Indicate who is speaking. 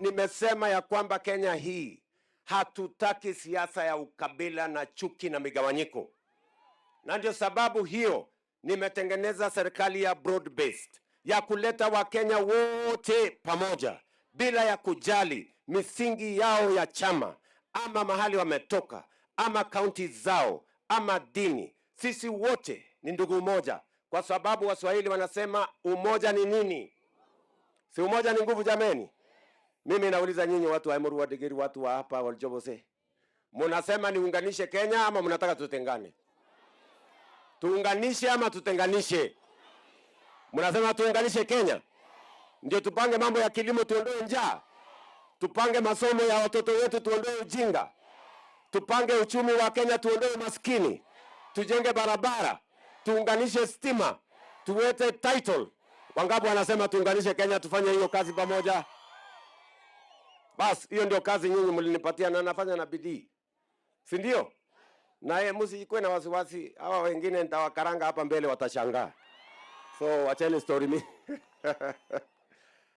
Speaker 1: Nimesema ya kwamba Kenya hii hatutaki siasa ya ukabila na chuki na migawanyiko, na ndio sababu hiyo nimetengeneza serikali ya broad based ya kuleta Wakenya wote pamoja bila ya kujali misingi yao ya chama ama mahali wametoka ama kaunti zao ama dini. Sisi wote ni ndugu moja, kwa sababu Waswahili wanasema umoja ni nini? Si umoja ni nguvu, jameni? Mimi nauliza nyinyi watu wa Emuru, Wadigiri, watu wa hapa Waljobose, mnasema niunganishe Kenya ama mnataka tutengane? Tuunganishe ama tutenganishe? Mnasema tuunganishe Kenya ndio tupange mambo ya kilimo, tuondoe njaa, tupange masomo ya watoto wetu, tuondoe ujinga, tupange uchumi wa Kenya, tuondoe maskini, tujenge barabara, tuunganishe stima, tuwete title. Wangapi wanasema tuunganishe Kenya, tufanye hiyo kazi pamoja? Bas, hiyo ndio kazi nyinyi mlinipatia na nafanya na bidii, si ndio? Na yeye msikuwe na wasiwasi, hawa wengine nitawakaranga hapa mbele, watashangaa. So acheni story mimi